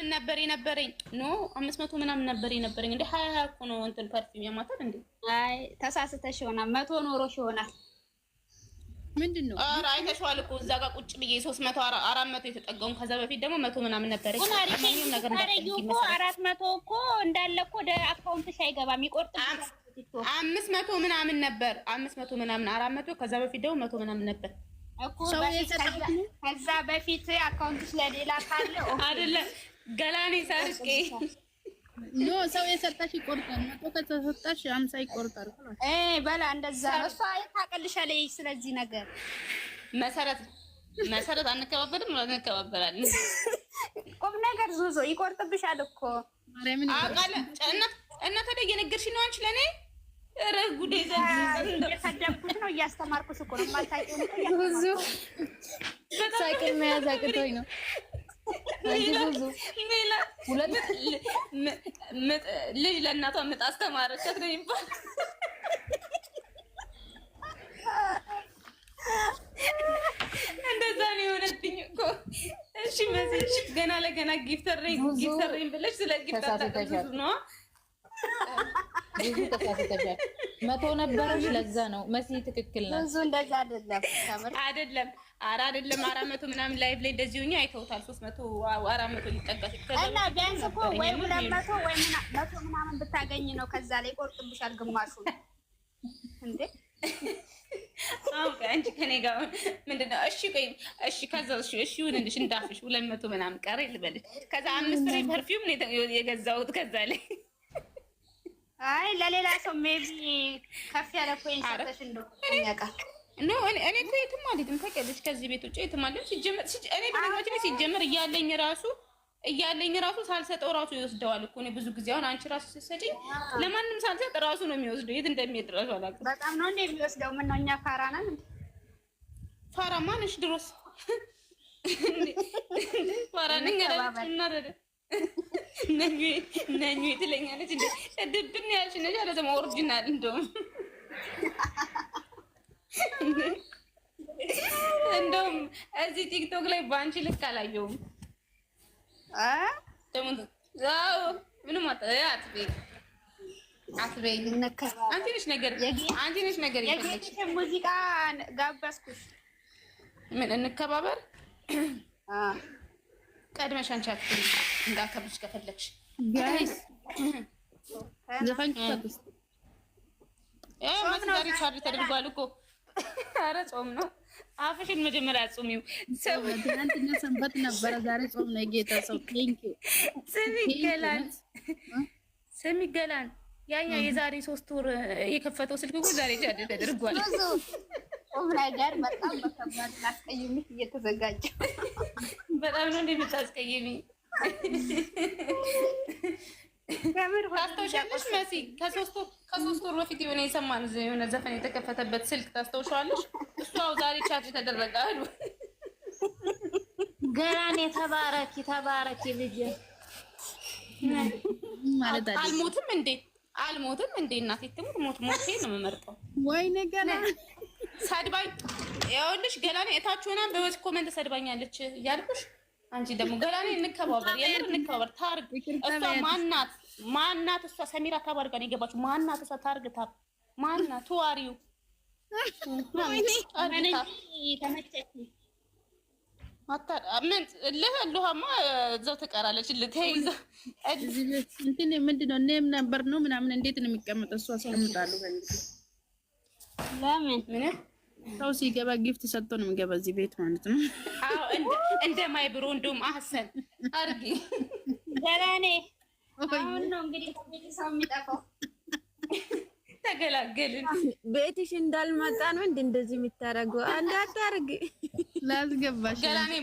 ምን ነበር የነበረኝ? ኖ አምስት መቶ ምናምን ነበር የነበረኝ። እንደ ሀያ ሀያ እኮ ነው እንትን ፐርፊውም የማታል እንደ አይ ተሳስተሽ ይሆናል፣ መቶ ኖሮሽ ይሆናል። ምንድን ነው ኧረ አይተሽዋል እኮ እዛ ጋር ቁጭ ብዬ ሶስት መቶ አራት መቶ የተጠጋውን ከዛ በፊት ደግሞ መቶ ምናምን ነበረኝ። አራት መቶ እኮ እንዳለ እኮ ወደ አካውንትሽ አይገባም ይቆርጥ አምስት መቶ ምናምን ነበር፣ አምስት መቶ ምናምን አራት መቶ ከዛ በፊት ደግሞ መቶ ምናምን ነበር እኮ ከዛ በፊት አካውንት ስለሌላ ካለ አይደለም ገላኔ ሰርቄ ኖ ሰው የሰጣሽ ይቆርጣል። መቶ ከተሰጣሽ አምሳ ይቆርጣል። እ በላ እንደዛ ነው። እሷ ታቀልሻለች። ስለዚህ ነገር መሰረት መሰረት አንከባበልም ነው እንከባበላለን። ቁም ነገር ዙዞ ይቆርጥብሻል እኮ እና ታዲያ እየነገርሽኝ ነው አንቺ ለኔ ኧረ እየሰደብኩት ነው እያስተማርኩሽ እኮ ነው። ማታቂ መያዝ አቅቶኝ ነው ልጅ ለእናቷ ምጥ አስተማረቻት ነው ይባል። እንደዛ ነው የሆነብኝ እኮ። እሺ መቼ ገና ለገና ጊፍተሬን ብለሽ ስለ ጊፍተር ብዙ ነው ብዙ ተሳስተሻል። መቶ ነበረሽ። ለዛ ነው መሲ ትክክል ናት። ብዙ እንደዛ አይደለም አይደለም አረ አይደለም አራት መቶ ምናምን ላይቭ ላይ እንደዚህ ሆኜ አይተውታል። ሦስት መቶ አራት መቶ ሊጠጋ እና ቢያንስ እኮ ወይ ሁለት መቶ ወይ መቶ ምናምን ብታገኝ ነው። ከዛ ላይ ቆርጥብሻል ግማሹ እንዴ አንቺ ከኔ ጋር ምንድን ነው? እሺ ቆይ እሺ፣ ከዛ እሺ፣ እሺ ከዛ እሺ እሺ እንዳፍሽ ሁለት መቶ ምናምን ቀረ ከዛ አምስት ፐርፊውም የገዛሁት ከዛ ላይ አይ ለሌላ ሰው ሜቢ ከፍ ያለ ኮይን ሰተሽ እንደሆነ ያውቃል እኔ እኮ የትም አልሄድም ታውቂያለሽ። ከዚህ ቤት ውጭ የትም እኔ በነገራችን ላይ እያለኝ ራሱ እያለኝ ራሱ ሳልሰጠው ራሱ ይወስደዋል እኮ እኔ ብዙ ጊዜ አሁን አንቺ ራሱ ስትሰጪኝ ለማንም ሳልሰጥ ራሱ ነው የሚወስደው። የት እንደሚሄድ ራሱ አላውቅም። በጣም ነው እንደ የሚወስደው። ነው እኛ ፋራ ነን? ፋራ ማንሽ ድሮስ ፋራ ነኝ አላለች እናረደ ነኙ ትለኛለች። ድብን ያልሽ ነሽ አለ ኦሪጂናል እንደውም እንደውም እዚህ ቲክቶክ ላይ በአንቺ ልክ አላየውም። ምንም አትበይ አትበይ። አንቺ ነሽ ነገር አንቺ ነሽ ነገር ሙዚቃ ጋባዝኩሽ። ምን እንከባበር ቀድመሽ አንቺ እንዳከብሽ ከፈለግሽ ዘፈን ዛሬ ቻርጅ ተደርጓል እኮ አረ ጾም ነው። አፍሽን መጀመሪያ ጾሚው። ትናንትና ሰንበት ነበረ፣ ዛሬ ጾም ነው። የጌታ ሰው ቴንክ ስሚ ገላን፣ ስሚ ገላን፣ ያኛ የዛሬ ሶስት ወር የከፈተው ስልክ እኮ ዛሬ ጃደ ተደርጓል። ጾም ነገር በጣም በከባድ ላስቀይምሽ እየተዘጋጀ በጣም ነው እንደምታስቀይሚ ታስታውሻለሽ መሲ? ከሶስት ወር በፊት የሆነ የሰማን የሆነ ዘፈን የተከፈተበት ስልክ ታስታውሻለሽ? እሱ ዛሬ ቻርጅ ተደረገ አሉ። ገራኔ ተባረኪ፣ ተባረኪ ተባረኪ አልሞትም እንዴ? አልሞትም እንዴ? እናቴ ትሙት፣ ሞት ሞቴ ነው የምመርጠው። ሰድባኝ። ይኸውልሽ ገላኔ እታች ሆና ኮመንት ሰድባኛለች እያልኩሽ አንቺ ደግሞ ገላኔ እንከባበር፣ የምር እንከባበር። ታርግ እሷ ማናት ማናት? እሷ ሰሚራ ታባርጋ ነው የገባችው። ማናት እሷ ታርግ ታ ማናት? ትዋሪው ምን ልህ ልሃማ እዛው ትቀራለች። ልትይዘ እንትን ምንድን ነው እኔም ነበር ነው ምናምን እንዴት ነው የሚቀመጠው? እሷ ሰምጣሉ ለምን ምንም ሰው ሲገባ ጊፍት ሰጥቶ ነው የሚገባ እዚህ ቤት ማለት ነው። እንደ ማይ ብሩ እንዲሁም አሰን አርጊ ገላኔ አሁን ነው እንግዲህ ሰው የሚጠፋው። ተገላገልን። ቤትሽ እንዳልመጣ ነው እንዲ እንደዚህ የሚታረጉ አንድ አታርጊ ላስገባሽ ገላኔ።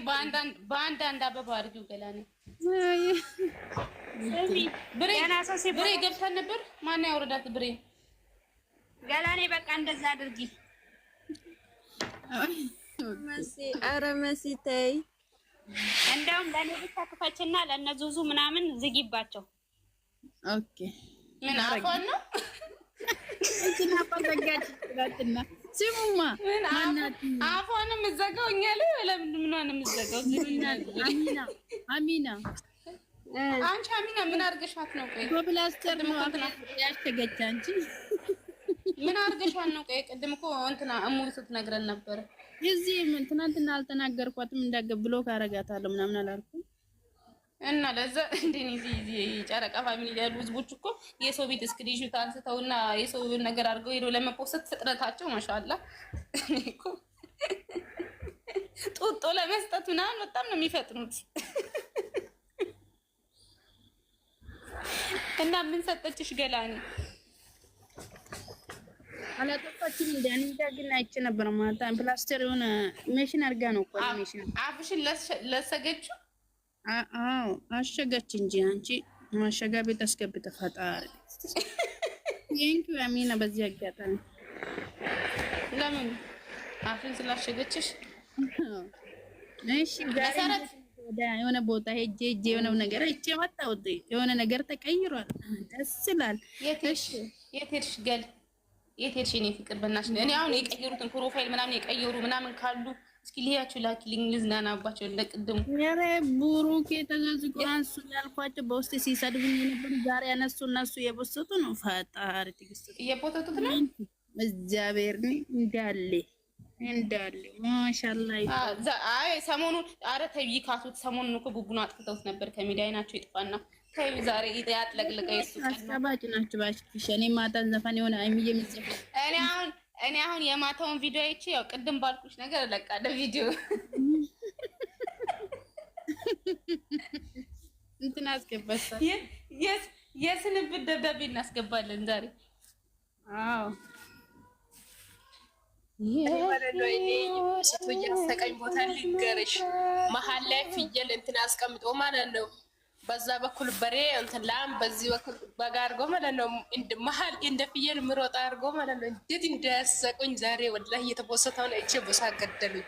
በአንድ አንድ አበባ አርጊው ገላኔ። ብሬ ብሬ ገብተን ነበር። ማን ያወረዳት ብሬ ገላኔ? በቃ እንደዛ አድርጊ ኧረ መሲ ተይ። እንደውም ለእኔ ብቻ ክፈችና ለእነ ዙዙ ምናምን ዝጊባቸው። ኦኬ ምን አፏን ነው እንትን አፏን ዘጋች ትላትና ስሙማ አፏንም እዘጋው እኛ ላይ ለምንድን ምኗንም እዘጋው። አሚና አሚና አንቺ አሚና ምን አድርገሻት ነው? ቆይ በፕላስተር ነው ያሸገች አንቺ ምን አድርገሻል ነው? ቆይ ቅድም እኮ እንትና ስትነግረን ነበር። እዚህ ምን ትናንትና አልተናገርኳትም እንዳገ ምናምን አላልኩም እና ለዛ እንደኔ ዚ ጨረቃ ፋሚሊ ያሉ ህዝቦች እኮ የሰው ቤት እስክሪንሾት አንስተውና የሰው ነገር አድርገው ሄደው ለመፖሰት ፍጥረታቸው ማሻአላ እኮ ጡጦ ለመስጠት ምናምን በጣም ነው የሚፈጥኑት። እና ምን ሰጠችሽ ገላኔ? አላጠፋችም። እንደ ግን አይቼ ማታ ፕላስተር የሆነ ሜሽን አድርጋ ነው እኮ ሜሽን አፍሽን ለሰገችው። አዎ አሸገች እንጂ አንቺ ማሸጋ ቤት አሚና። በዚህ አጋጣሚ ለምን አፍን ስላሸገችሽ የሆነ ቦታ ሄጄ ሄጄ የሆነ ነገር አይቼ መጣሁ። የሆነ ነገር ተቀይሯል። ደስ ይላል። የት ሄድሽ ገል የት ሄድሽ የእኔ ፍቅር? በእናትሽ እኔ አሁን የቀየሩትን ፕሮፋይል ምናምን የቀየሩ ምናምን ካሉ እስኪ ልያቸው ላኪልኝ፣ ልዝናናባቸው። ለቅድሙ ኧረ ቡሩክ የተዘዝቆ አንሱ ያልኳቸው በውስጥ ሲሰድቡኝ የነበሩ ዛሬ ያነሱ እነሱ የቦሰቱ ነው። ፈጣሪ ትግስት እየቦተቱት ነው። እግዚአብሔር እንዳለ እንዳለ ማሻላ። ሰሞኑ አረ ኧረ ተይ ካሱት። ሰሞኑን እኮ ቡቡን አጥፍተውት ነበር ከሚዲያ አይናቸው ይጥፋና ተይው ዛሬ ያጥለቅልቀኝ። እሱ አስቀባጭ ናችሁ እባክሽ። እኔ ማታ ዘፈን የሆነ አይምዬ የምጽፍ እኔ አሁን እኔ አሁን የማታውን ቪዲዮ አይቼ ያው ቅድም ባልኩሽ ነገር እለቃለሁ ቪዲዮ እንትን አስገባታል። የስንብት ደብዳቤ እናስገባለን ዛሬ። አዎ እያሰቀኝ ቦታ ሊገርሽ መሀል ላይ ፍየል እንትን አስቀምጦ ማለት ነው በዛ በኩል በሬ እንትን ላም በዚህ በኩል በጋ አድርጎ ማለት ነው። መሀል እንደ ፍየል ምሮጣ አድርጎ ማለት ነው። እንዴት እንዳያሰቁኝ ዛሬ ወላሂ እየተቦሰተውን እቼ ቦሳ ገደሉኝ።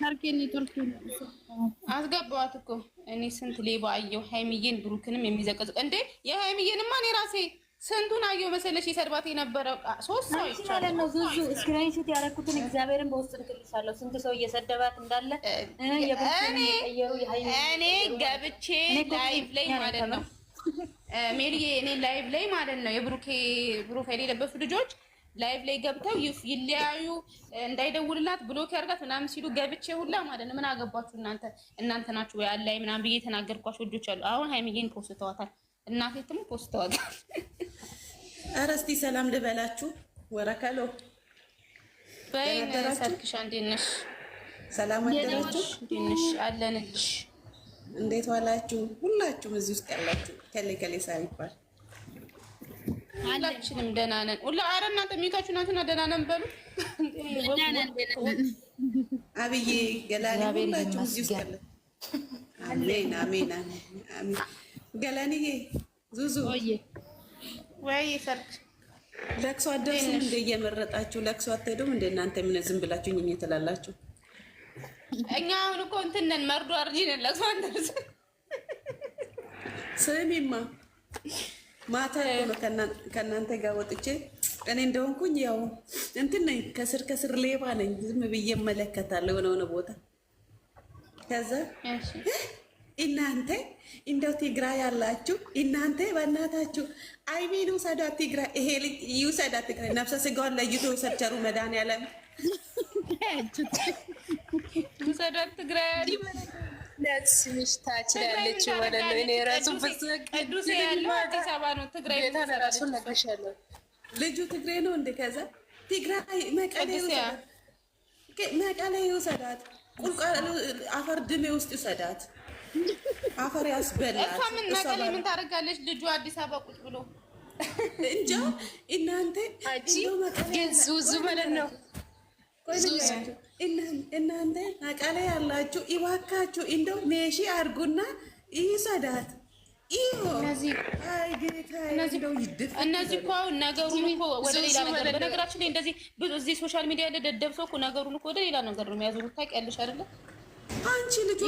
ታርኬን ኔትወርክ አስገባዋት እኮ እኔ ስንት ሌባ አየው። ሀይሚዬን ብሩክንም የሚዘቀዝቅ እንዴ የሀይሚዬንማ እኔ ራሴ ስንቱን አየሁ መሰለሽ ሰርባት የነበረው ሶስት ሰው ማለት ነው። ዙዙ እስክሪን ሹት ያደረኩትን እግዚአብሔርን በውስጥ ልክልሻለሁ። ስንት ሰው እየሰደባት እንዳለ እኔ ገብቼ ላይቭ ላይ ማለት ነው ሜሪዬ፣ እኔ ላይቭ ላይ ማለት ነው የብሩኬ ፕሮፋይል የለበሱ ልጆች ላይቭ ላይ ገብተው ይለያዩ እንዳይደውልላት ብሎክ ያርጋት ምናምን ሲሉ ገብቼ ሁላ ማለት ነው ምን አገባችሁ እናንተ እናንተ ናችሁ ወይ አላይ ምናምን ብዬ የተናገርኳቸው ልጆች አሉ። አሁን ሀይሚዬን ፖስት ተዋታል፣ እናቴትም ፖስት ተዋታል። ኧረ ሰላም ልበላችሁ። ወረከሎ በይሰርክሻ እንዴት ነሽ? ሰላም አደራችሁ? እንዴት አለንልሽ። እንዴት ዋላችሁ? ሁላችሁም እዚህ ውስጥ ያላችሁ ከሌ ከሌ ሳይባል ሁላችንም ደህና ነን። ሁላ ኧረ እናንተ ደህና ነን በሉ። አብዬ ገላኒ ሁላችሁ እዚህ ውስጥ ያለ አሜን አሜን አሜን። ገላኔዬ ዙዙ ወይ ሰርግ ለቅሶ አደርሱም እንደ እየመረጣችሁ ለቅሶ አትሄዱም እንደ እናንተ ምን ዝም ብላችሁ እኛ ትላላችሁ። እኛ አሁን እኮ እንትን ነን፣ መርዶ አርጂ ነን። ለቅሶ አንደርስ። ስሚማ ማታ ከእናንተ ጋር ወጥቼ እኔ እንደሆንኩኝ ያው እንትን ነኝ፣ ከስር ከስር ሌባ ነኝ። ዝም ብዬ እመለከታለሁ የሆነ ሆነ ቦታ ከዛ እናንተ እንደው ትግራይ ያላችሁ እናንተ በእናታችሁ አይቢን ውሰዳ ትግራይ ይሄ ልጅ ይውሰዳ ትግራይ ነፍሰ ስጋውን ለይቶ ይውሰድ ቸሩ መድኃኒዓለም ውሰዳ ትግራይ ልጁ ነው እንደ ከዛ ትግራይ መቀሌ መቀሌ ይውሰዳት ቁልቋ አፈር ድሜ ውስጥ ይውሰዳት አፈር ያስበላል። ምን ምን ታደርጋለች ልጁ አዲስ አበባ ቁጭ ብሎ እንጃ። እናንተ ዙዙ ነው እናንተ መቀሌ ያላችሁ እንደው ሜሺ አድርጉና ይሰዳት እነዚህ እኮ አሁን ነገሩን እኮ ወደ ሌላ ነገር በነገራችን ላይ እንደዚህ እዚህ ሶሻል ሚዲያ ላይ ደደብ ሰው እኮ ነገሩን እኮ ወደ ሌላ ነገር ነው የሚያዞሩት። ታውቂያለሽ አይደለ? አንቺ ልጅ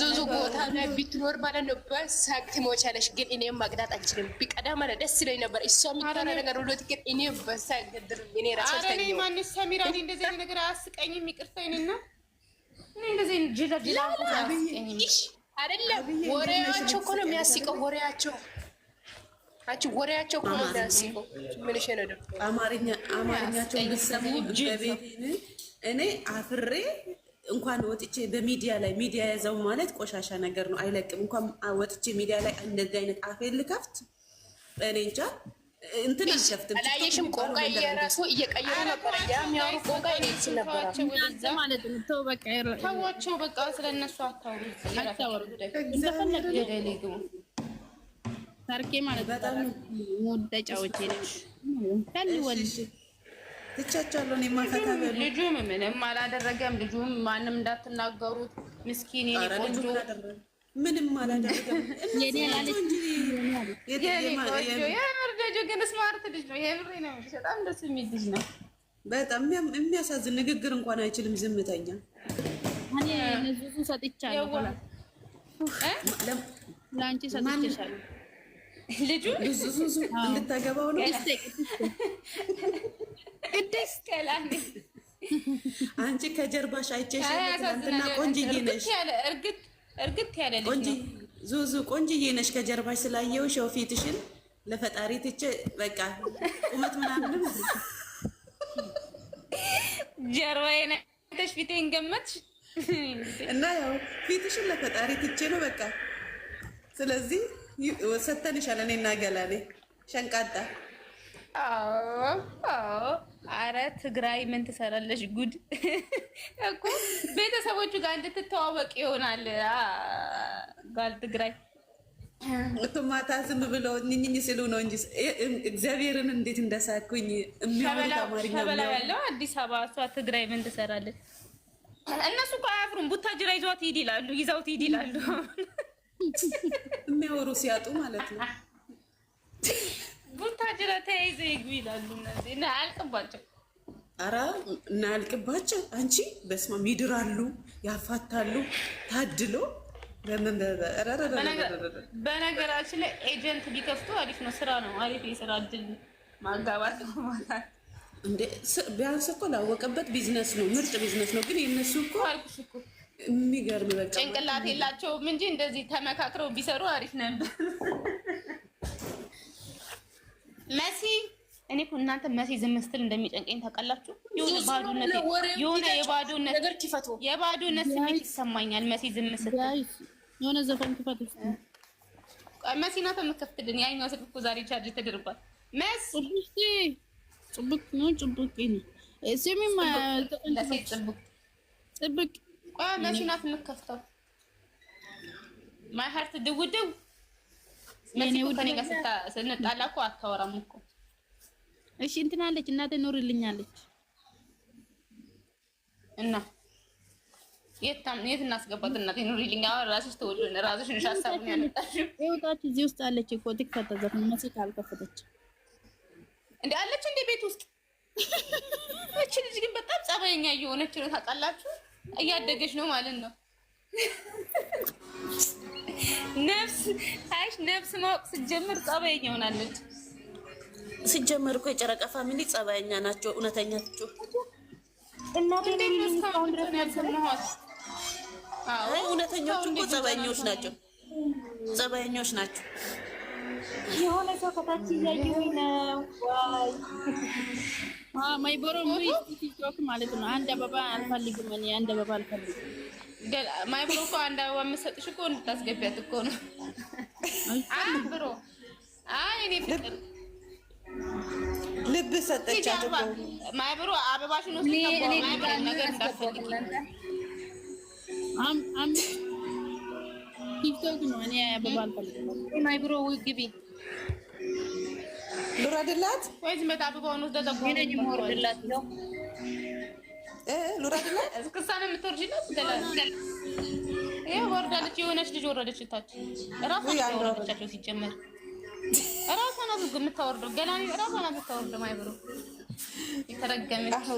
ዙዙ ቦታ ላይ ብትኖር ማለት ነው በሳቅ ትሞቻለሽ። ግን እኔ ማቅዳት አልችልም። ቢቀዳ ማለት ደስ ይለኝ ነበር። እሷ የምትሆነ ነገር ብሎት ግን እኔ በሳቅ ገድር እኔ ራሳስተኝ ማንስ ሰሚራ እንደዚህ ነገር አያስቀኝም። ይቅርታ እኔ እንደዚህ ጅለጅላ አይደለም። ወሬያቸው እኮ ነው የሚያስቀው። ወሬያቸው አንቺ ወሬያቸው እኮ ነው የሚያስቀው። ምንሽ ነው ደግሞ አማርኛ አማርኛቸው ብትሰሚ በቤቴን እኔ አፍሬ እንኳን ወጥቼ በሚዲያ ላይ ሚዲያ ያዘው ማለት ቆሻሻ ነገር ነው፣ አይለቅም። እንኳን ወጥቼ ሚዲያ ላይ እንደዚህ አይነት አፌን ልከፍት እኔ እንጃ። እንትን አልከፍትም። ላየሽም ቆንቃ እየራሱ እየቀየሩ ነበረ የሚያሩ ቆንቃ ይነች ነበራቸው ማለት ነው። ተው በቃ ተዋቸው፣ በቃ ስለነሱ አታወሩ፣ አታወሩ እንደፈለግ ደሌግሙ ታርኬ ማለት በጣም ሙደጫዎች ነ ከልወልድ ትቻቻለሁ እኔማ ፈታ በሉ። ልጁም ምንም አላደረገም። ልጁም ማንም እንዳትናገሩት ምስኪን የኔ ቆንጆ ምንም በጣም የሚያሳዝን ንግግር እንኳን አይችልም። ዝምተኛ ሰጥቻለሁ ለአንቺ ሰጥቻለሁ ልጁ እንድታገባው ነው። አንቺ ከጀርባሽ አይቼሽ ትናንትና ቆንጅዬ ነሽ፣ ዙዙ ቆንጅዬ ነሽ። ከጀርባሽ ስላየሁሽ ያው ፊትሽን ለፈጣሪ ትቼ በቃ ቁመት ምናምን ጀርባዬ ነሽ፣ ፊቴን ገመትሽ እና ያው ፊትሽን ለፈጣሪ ትቼ ነው በቃ ስለዚህ ሰተንሻል። እኔና ገላኔ ሸንቃጣ። አረ ትግራይ ምን ትሰራለሽ? ጉድ እኮ ቤተሰቦቹ ጋር እንድትተዋወቅ ይሆናል። ጋል ትግራይ እቱ ዝም ብሎ እኝኝ ሲሉ ነው እንጂ እግዚአብሔርን እንዴት እንደሳኩኝ የሚሆተበላ ያለው አዲስ አበባ። እሷ ትግራይ ምን ትሰራለች? እነሱ እኮ አያፍሩም። ቡታጅራ ይዟት ሂድ ይላሉ፣ ይዛውት ሂድ ይላሉ። የሚያወሩ ሲያጡ ማለት ነው። ቡታጅራ ተያይዘ ይግቡ ይላሉ እነዚህ እና አያልቅባቸው። እና እናያልቅባቸው። አንቺ በስማ አብ ይድራሉ፣ ያፋታሉ። ታድሎ በነገራችን ላይ ኤጀንት ቢከፍቱ አሪፍ ነው። ስራ ነው አሪፍ የስራ እድል ማጋባት ነው ማለት እንደ ቢያንስ እኮ ላወቀበት ቢዝነስ ነው፣ ምርጥ ቢዝነስ ነው። ግን የነሱ እኮ አልኩሽ እኮ የሚገርም በቃ ጭንቅላት የላቸውም እንጂ እንደዚህ ተመካክረው ቢሰሩ አሪፍ ነበር። መሲ እኔ እኮ እናንተ መሲ ዝም ስትል እንደሚጨንቀኝ ታውቃላችሁ። የሆነ የባዶነት ስሜት ይሰማኛል። መሲ ዝም ስትል የሆነ ዘፈን ክፈት። መሲ ናት የምትከፍትልን። ያኛው ስልክ እኮ ዛሬ ቻርጅ ተደርጓል። መስ ጥብቅ ነው። ጥብቅ ነው። ስሚማ ጥብቅ ቆይ መቼ ናት የምትከፍተው? ማይ ሀርት ድውድው ስንጣላ እኮ አታወራም እኮ። እሺ እንትን አለች እናቴ ኖርልኛለች እና የት እናስገባት? እናቴ ኑሪልኝ። አሁን ራስሽ ትውሉን ራስሽ ነሽ ሀሳቡን ያመጣሽው። ይኸውታችሁ እዚህ ውስጥ አለች እኮ ትክፈት ዘፍ መቼ አልከፈተች እንዴ አለች እንዴ ቤት ውስጥ። እቺ ልጅ ግን በጣም ጸባየኛ እየሆነች ነው ታውቃላችሁ። እያደገች ነው ማለት ነው። ነፍስ ታይሽ ነፍስ ማወቅ ስትጀምር ጸባየኛ ሆናለች። ሲጀመር እኮ የጨረቃ ፋሚሊ ጸባየኛ ናቸው። እውነተኛ ናቸው። እውነተኞች እኮ ጸባየኞች ናቸው። ጸባየኞች ናቸው። የሆነ ሰው ከታች እያየሁኝ ነው። ማይበሮ ሙሪ ቲክቶክ ማለት ነው። አንድ አበባ አልፈልግም እኔ አንድ አበባ አልፈልግም። ማይቦሮ እኮ አንድ አበባ የምትሰጥሽ እኮ እንድታስገቢያት እኮ ነው። ብሮ አይ እኔ ፍቅር ልብ ሰጠቻት እኮ ማይቦሮ አበባሽን ወስድ ተቆማ ማይቦሮ ነገር እንዳትፈልጊ አም አም ቲክቶክ ነው እኔ አበባ አልፈልግም። ማይቦሮ ግቢ ሉራድላት ወይስ መጣብቆኑ ተጠቆሙ ሞርድላት ወርዳለች። የሆነች ልጅ ወረደች ታች ሲጀመር የምታወርደው፣ የምታወርደው። የተረገመች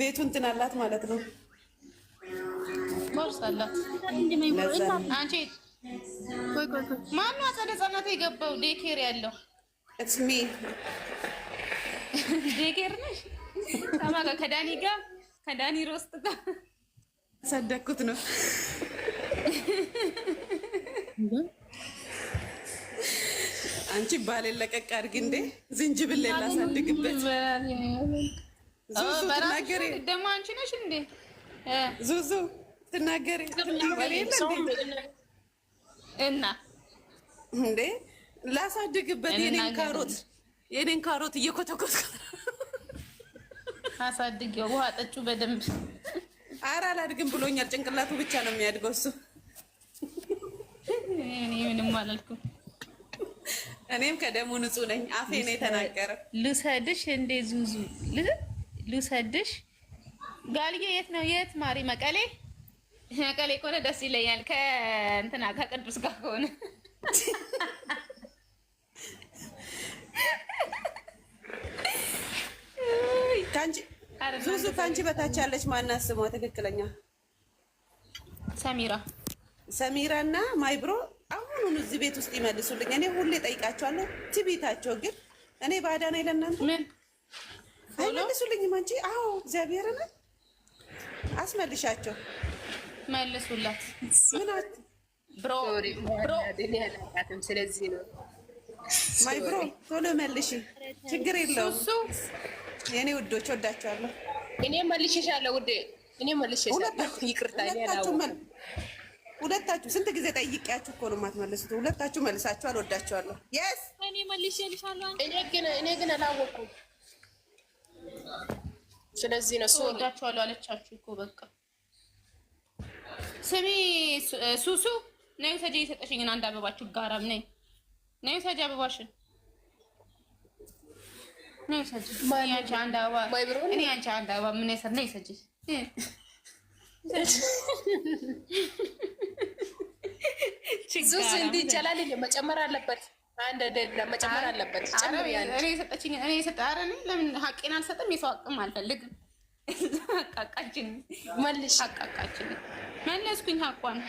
ቤቱ እንትን አላት ማለት ነው። አላት። አንቺ ማነው አጸደ ህጻናት የገባው ኬር ያለው ዴጌር ነሽ ተማጋ ከዳኒ ጋር ከዳኒ ሮስት ጋር ያሳደግኩት ነው። አንቺ ባሌን ለቀቅ አድርጊ እንዴ! ዝንጅብል ላሳድግበት ደግሞ አንቺ ነሽ እንዴ ዙዙ ትናገሪ እና እንዴ ላሳድግበት የኔን ካሮት የኔን ካሮት እየኮተኮት አሳድጊው። ውሃ ጠጩ በደንብ። ኧረ አላድግም ብሎኛል። ጭንቅላቱ ብቻ ነው የሚያድገው እሱ። እኔ ምንም አላልኩም። እኔም ከደሙ ንጹህ ነኝ። አፌ ነው የተናገረ ልሰድሽ እንዴ ዙዙ ልሰድሽ ጋልዬ የት ነው የት? ማሪ መቀሌ መቀሌ ከሆነ ደስ ይለኛል። ከእንትና ከቅዱስ ጋር ከሆነ ዙዙ ከአንቺ በታች ያለች ማናት ስሟ ትክክለኛ? ሰሚራ ሰሚራ እና ማይብሮ አሁኑን እዚህ ቤት ውስጥ ይመልሱልኝ። እኔ ሁሌ ጠይቃቸዋለሁ፣ ትቢታቸው ግን እኔ ባዳን ለእናንተ ምን አይመልሱልኝም። አንቺ አዎ፣ እግዚአብሔርን አስመልሻቸው፣ መልሱላት። ምናት ብሮ ብሮ ስለዚህ ነው ማይብሮ፣ ቶሎ መልሽ፣ ችግር የለውም የኔ ውዶች ወዳቸዋለሁ። እኔ መልሼሻለሁ ውዴ፣ እኔ መልሼሻለሁ። ይቅርታ ሁለታችሁ ስንት ጊዜ ጠይቄያችሁ እኮ ነው የማትመልሱት። ሁለታችሁ መልሳችኋል። ወዳችኋለሁ። የስ እኔ መልሼልሻለሁ። እኔ ግን እኔ ስለዚህ ነው እሱ ወዳችኋለሁ አለቻችሁ እኮ በቃ። ስሚ ሱሱ ነይ ሰጂ የሰጠሽኝን አንድ አበባችሁ ጋራም ነይ ነይ ሰጂ አበባሽን እንዲህ ይቻላል መጨመር አለበት። አንድ መጨመር አለበት። እኔ የሰጠችኝ ለምን ሀቄን አልሰጥም? የሰው አቅም አልፈልግም። አቃቃችን መልሽ፣ አቃቃችን መለስኩኝ። ሀቋን